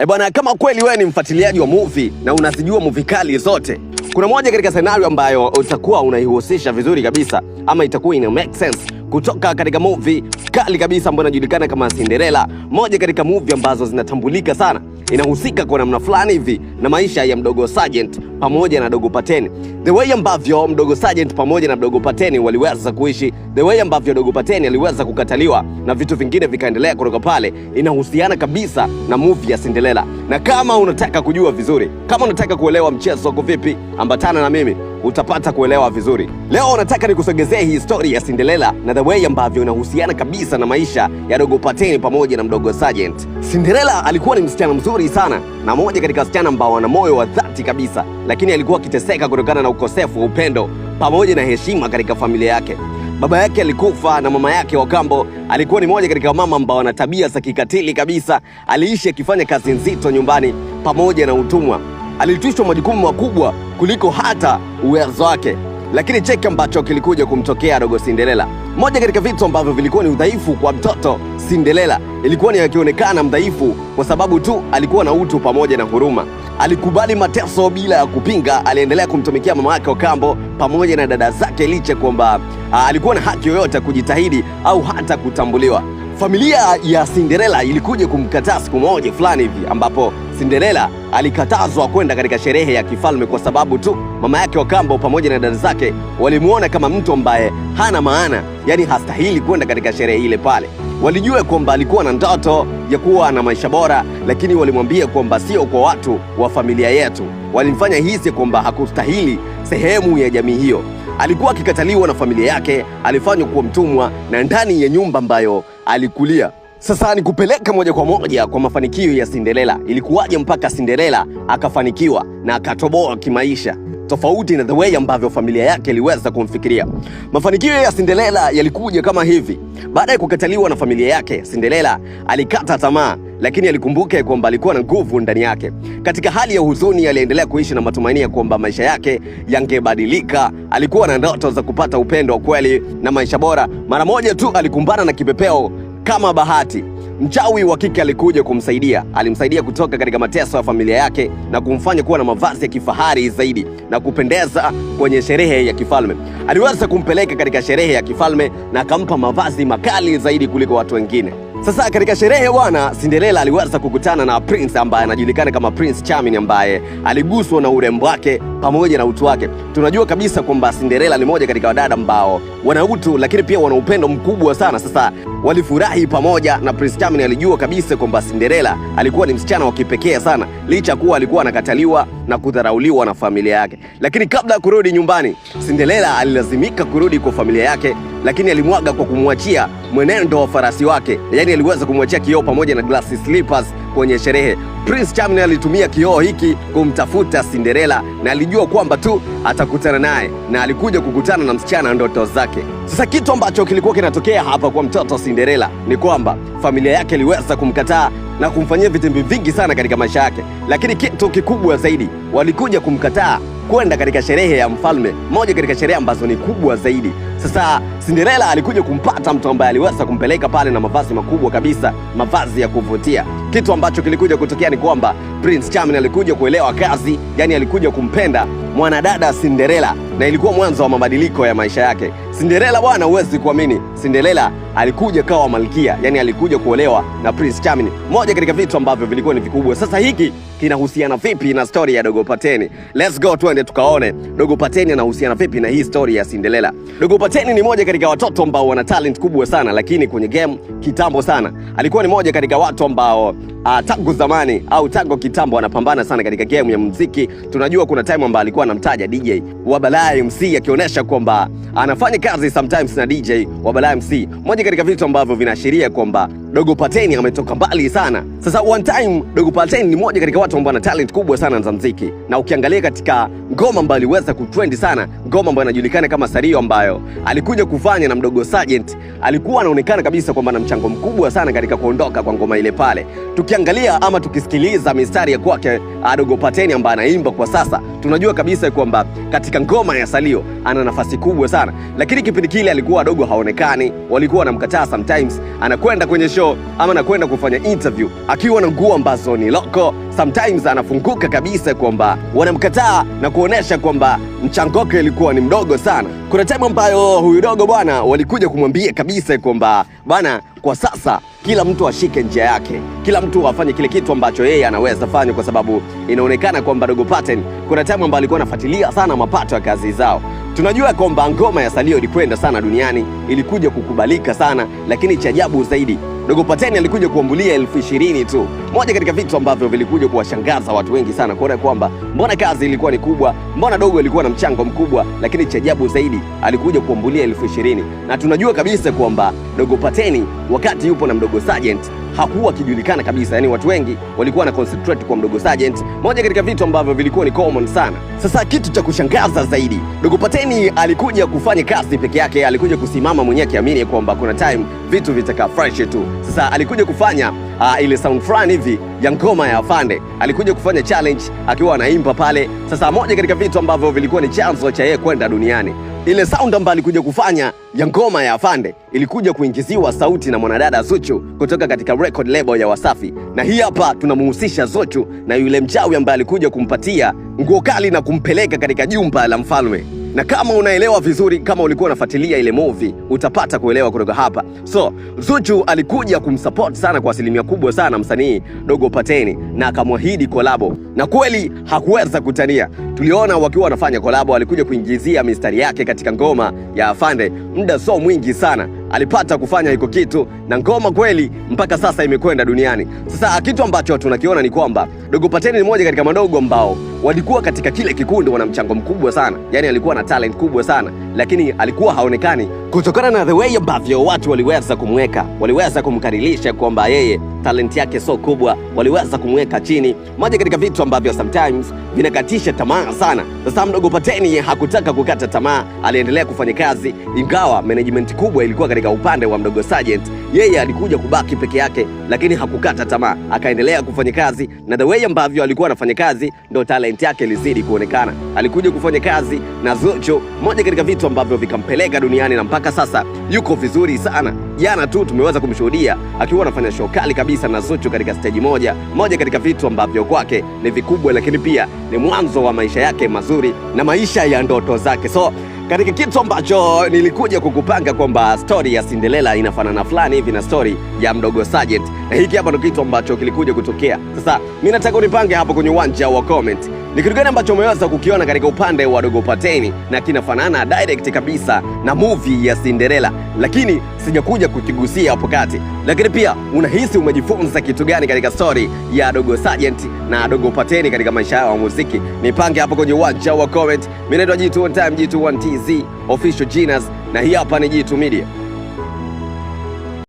E bwana, kama kweli wewe ni mfuatiliaji wa movie na unazijua movie kali zote, kuna moja katika scenario ambayo utakuwa unaihusisha vizuri kabisa, ama itakuwa ina make sense kutoka katika movie kali kabisa ambayo inajulikana kama Cinderella, moja katika movie ambazo zinatambulika sana inahusika kwa namna fulani hivi na maisha ya mdogo Sergeant pamoja na dogo Pateni, the way ambavyo mdogo Sergeant pamoja na mdogo Pateni waliweza kuishi, the way ambavyo dogo Pateni aliweza kukataliwa na vitu vingine vikaendelea kutoka pale, inahusiana kabisa na movie ya Cinderella. Na kama unataka kujua vizuri, kama unataka kuelewa mchezo uko vipi, ambatana na mimi utapata kuelewa vizuri. Leo nataka nikusogezee historia ya Cinderella na the way ambavyo inahusiana kabisa na maisha ya Dogo Pateni pamoja na mdogo Sergeant. Cinderella alikuwa ni msichana mzuri sana na moja katika wasichana ambao wana moyo wa dhati kabisa, lakini alikuwa akiteseka kutokana na ukosefu wa upendo pamoja na heshima katika familia yake. Baba yake alikufa na mama yake Wakambo alikuwa ni moja katika mama ambao ana tabia za kikatili kabisa. Aliishi akifanya kazi nzito nyumbani pamoja na utumwa alitwishwa majukumu makubwa kuliko hata uwezo wake. Lakini cheki ambacho kilikuja kumtokea dogo Cinderella. Moja katika vitu ambavyo vilikuwa ni udhaifu kwa mtoto Cinderella ilikuwa ni akionekana mdhaifu kwa sababu tu alikuwa na utu pamoja na huruma. Alikubali mateso bila ya kupinga. Aliendelea kumtumikia mama yake Okambo pamoja na dada zake, licha kwamba ah, alikuwa na haki yoyote kujitahidi au hata kutambuliwa. Familia ya Cinderella ilikuja kumkataa siku moja fulani hivi ambapo Cinderella alikatazwa kwenda katika sherehe ya kifalme kwa sababu tu mama yake wa kambo pamoja na dada zake walimuona kama mtu ambaye hana maana, yaani hastahili kwenda katika sherehe ile pale. Walijua kwamba alikuwa na ndoto ya kuwa na maisha bora, lakini walimwambia kwamba sio kwa watu wa familia yetu. Walimfanya hisi kwamba hakustahili sehemu ya jamii hiyo. Alikuwa akikataliwa na familia yake, alifanywa kuwa mtumwa na ndani ya nyumba ambayo alikulia. Sasa ni kupeleka moja kwa moja kwa mafanikio ya Cinderella. Ilikuwaje mpaka Cinderella akafanikiwa na akatoboa kimaisha, tofauti na the way ambavyo familia yake iliweza kumfikiria. Mafanikio ya Cinderella yalikuja kama hivi. Baada ya kukataliwa na familia yake, Cinderella alikata tamaa, lakini alikumbuka kwamba alikuwa na nguvu ndani yake. Katika hali ya huzuni, aliendelea kuishi na matumaini ya kwamba maisha yake yangebadilika. Alikuwa na ndoto za kupata upendo wa kweli na maisha bora. Mara moja tu alikumbana na kipepeo kama bahati. Mchawi wa kike alikuja kumsaidia, alimsaidia kutoka katika mateso ya familia yake na kumfanya kuwa na mavazi ya kifahari zaidi na kupendeza kwenye sherehe ya kifalme. Aliweza kumpeleka katika sherehe ya kifalme na akampa mavazi makali zaidi kuliko watu wengine. Sasa katika sherehe bwana, Cinderella aliweza kukutana na prince ambaye anajulikana kama Prince Charming, ambaye aliguswa na urembo wake pamoja na utu wake. Tunajua kabisa kwamba Cinderella ni moja katika wadada ambao wana utu, lakini pia wana upendo mkubwa sana. Sasa walifurahi pamoja, na Prince Charming alijua kabisa kwamba Cinderella alikuwa ni msichana wa kipekee sana, licha kuwa alikuwa anakataliwa na kudharauliwa na familia yake. Lakini kabla ya kurudi nyumbani, Cinderella alilazimika kurudi kwa familia yake, lakini alimwaga kwa kumwachia mwenendo wa farasi wake, yaani aliweza kumwachia kioo pamoja na glass slippers kwenye sherehe. Prince Charming alitumia kioo hiki kumtafuta Cinderella na alijua kwamba tu atakutana naye na alikuja kukutana na msichana ndoto zake. Sasa kitu ambacho kilikuwa kinatokea hapa kwa mtoto Cinderella ni kwamba familia yake iliweza kumkataa na kumfanyia vitimbi vingi sana katika maisha yake, lakini kitu kikubwa zaidi walikuja kumkataa kwenda katika sherehe ya mfalme, moja katika sherehe ambazo ni kubwa zaidi. Sasa Cinderella alikuja kumpata mtu ambaye aliweza kumpeleka pale na mavazi makubwa kabisa, mavazi ya kuvutia kitu ambacho kilikuja kutokea ni kwamba Prince Charming alikuja kuelewa kazi, yani alikuja kumpenda mwanadada Cinderella, na ilikuwa mwanzo wa mabadiliko ya maisha yake. Cinderella bwana, huwezi kuamini, Cinderella alikuja kawa malkia, yani alikuja kuolewa na Prince Charming, moja katika vitu ambavyo vilikuwa ni vikubwa. Sasa hiki kinahusiana vipi na story ya Dogo Pateni? Let's go, tuende tukaone Dogo Pateni anahusiana vipi na hii story ya Cinderella. Dogo Pateni ni moja katika watoto ambao wana talent kubwa sana, lakini kwenye game kitambo sana alikuwa ni moja katika watu ambao uh, tangu zamani au tangu kitambo anapambana sana katika game ya muziki. Tunajua kuna time ambayo alikuwa anamtaja DJ Wabalaa MC akionyesha kwamba anafanya kazi sometimes na DJ Wabalaa MC, moja katika vitu ambavyo vinaashiria kwamba Dogo Pateni ametoka mbali sana. Sasa one time Dogo Pateni ni moja katika watu ambao ana talent kubwa sana za muziki, na ukiangalia katika ngoma ambayo aliweza kutrend sana, ngoma ambayo inajulikana kama Sario, ambayo alikuja kufanya na mdogo Sergeant, alikuwa anaonekana kabisa kwamba na mchango mkubwa sana katika kuondoka kwa ngoma ile pale. Tukiangalia ama tukisikiliza mistari ya kwake ah, Dogo Pateni ambaye anaimba kwa sasa, tunajua kabisa kwamba katika ngoma ya Salio ana nafasi kubwa sana, lakini kipindi kile alikuwa dogo haonekani, walikuwa wanamkataa sometimes, anakwenda kwenye kesho ama nakwenda kufanya interview akiwa na nguo ambazo ni loko. Sometimes anafunguka kabisa kwamba wanamkataa na kuonesha kwamba mchango wake ilikuwa ni mdogo sana. Kuna time ambayo huyu dogo bwana walikuja kumwambia kabisa kwamba bwana, kwa sasa kila mtu ashike njia yake, kila mtu afanye kile kitu ambacho yeye anaweza fanya, kwa sababu inaonekana kwamba dogo Paten kuna time ambayo alikuwa anafuatilia sana mapato ya kazi zao Tunajua kwamba ngoma ya Salio ilikwenda sana duniani, ilikuja kukubalika sana, lakini cha ajabu zaidi Dogo Pateni alikuja kuambulia elfu ishirini tu, moja katika vitu ambavyo vilikuja kuwashangaza watu wengi sana, kuona kwamba mbona kazi ilikuwa ni kubwa, mbona Dogo alikuwa na mchango mkubwa, lakini cha ajabu zaidi alikuja kuambulia elfu ishirini na tunajua kabisa kwamba Dogo Pateni wakati yupo na mdogo Sergeant hakuwa akijulikana kabisa, yani watu wengi walikuwa na concentrate kwa mdogo Sergeant, moja katika vitu ambavyo vilikuwa ni common sana. Sasa kitu cha kushangaza zaidi, dogo Pateni alikuja kufanya kazi peke yake, alikuja kusimama mwenyewe akiamini kwamba kuna time vitu vitakaa fresh tu. Sasa alikuja kufanya uh, ile sound fulani hivi ya ngoma ya Afande, alikuja kufanya challenge akiwa anaimba pale. Sasa moja katika vitu ambavyo vilikuwa ni chanzo cha yeye kwenda duniani ile sound ambayo alikuja kufanya ya ngoma ya Afande ilikuja kuingiziwa sauti na mwanadada Zuchu kutoka katika record label ya Wasafi, na hii hapa tunamuhusisha Zuchu na yule mchawi ambaye alikuja kumpatia nguo kali na kumpeleka katika jumba la mfalme na kama unaelewa vizuri, kama ulikuwa unafuatilia ile movie utapata kuelewa kutoka hapa. So Zuchu alikuja kumsupport sana kwa asilimia kubwa sana msanii Dogo Pateni na akamwahidi kolabo, na kweli hakuweza kutania. Tuliona wakiwa wanafanya kolabo, alikuja kuingizia mistari yake katika ngoma ya Afande muda so mwingi sana alipata kufanya hiko kitu, na ngoma kweli mpaka sasa imekwenda duniani. Sasa ah, kitu ambacho tunakiona ni kwamba Dogo Pateni ni moja katika madogo ambao walikuwa katika kile kikundi, wana mchango mkubwa sana, yani alikuwa na talent kubwa sana, lakini alikuwa haonekani Kutokana na the way ambavyo watu waliweza kumweka, waliweza kumkaririsha kwamba yeye talenti yake so kubwa, waliweza kumweka chini. Moja katika vitu ambavyo sometimes vinakatisha tamaa sana. Sasa mdogo Pateni hakutaka kukata tamaa, aliendelea kufanya kazi, ingawa management kubwa ilikuwa katika upande wa mdogo Sergeant. Yeye alikuja kubaki peke yake, lakini hakukata tamaa, akaendelea kufanya kazi, na the way ambavyo alikuwa anafanya kazi ndo talenti yake ilizidi kuonekana. Alikuja kufanya kazi na Zuchu, moja katika vitu ambavyo vikampeleka duniani na mpaka sasa yuko vizuri sana. Jana tu tumeweza kumshuhudia akiwa anafanya show kali kabisa na Zuchu katika steji moja moja, katika vitu ambavyo kwake ni vikubwa, lakini pia ni mwanzo wa maisha yake mazuri na maisha ya ndoto zake. So katika kitu ambacho nilikuja kukupanga kwamba stori ya Cinderella inafanana fulani hivi na stori ya mdogo Sergeant na eh, hiki hapa ndo kitu ambacho kilikuja kutokea. Sasa mimi nataka unipange hapo kwenye uwanja wa comment, ni kitu gani ambacho umeweza kukiona katika upande wa Dogo Pateni na kinafanana direct kabisa na movie ya Cinderella, lakini sijakuja kukigusia hapo kati. Lakini pia unahisi umejifunza kitu gani katika story ya Dogo Sergeant na Dogo Pateni katika maisha yao ya muziki? Nipange hapo kwenye uwanja wa comment. Mimi naitwa Jitu One Time, Jitu One TZ official genius, na hii hapa ni Jitu Media.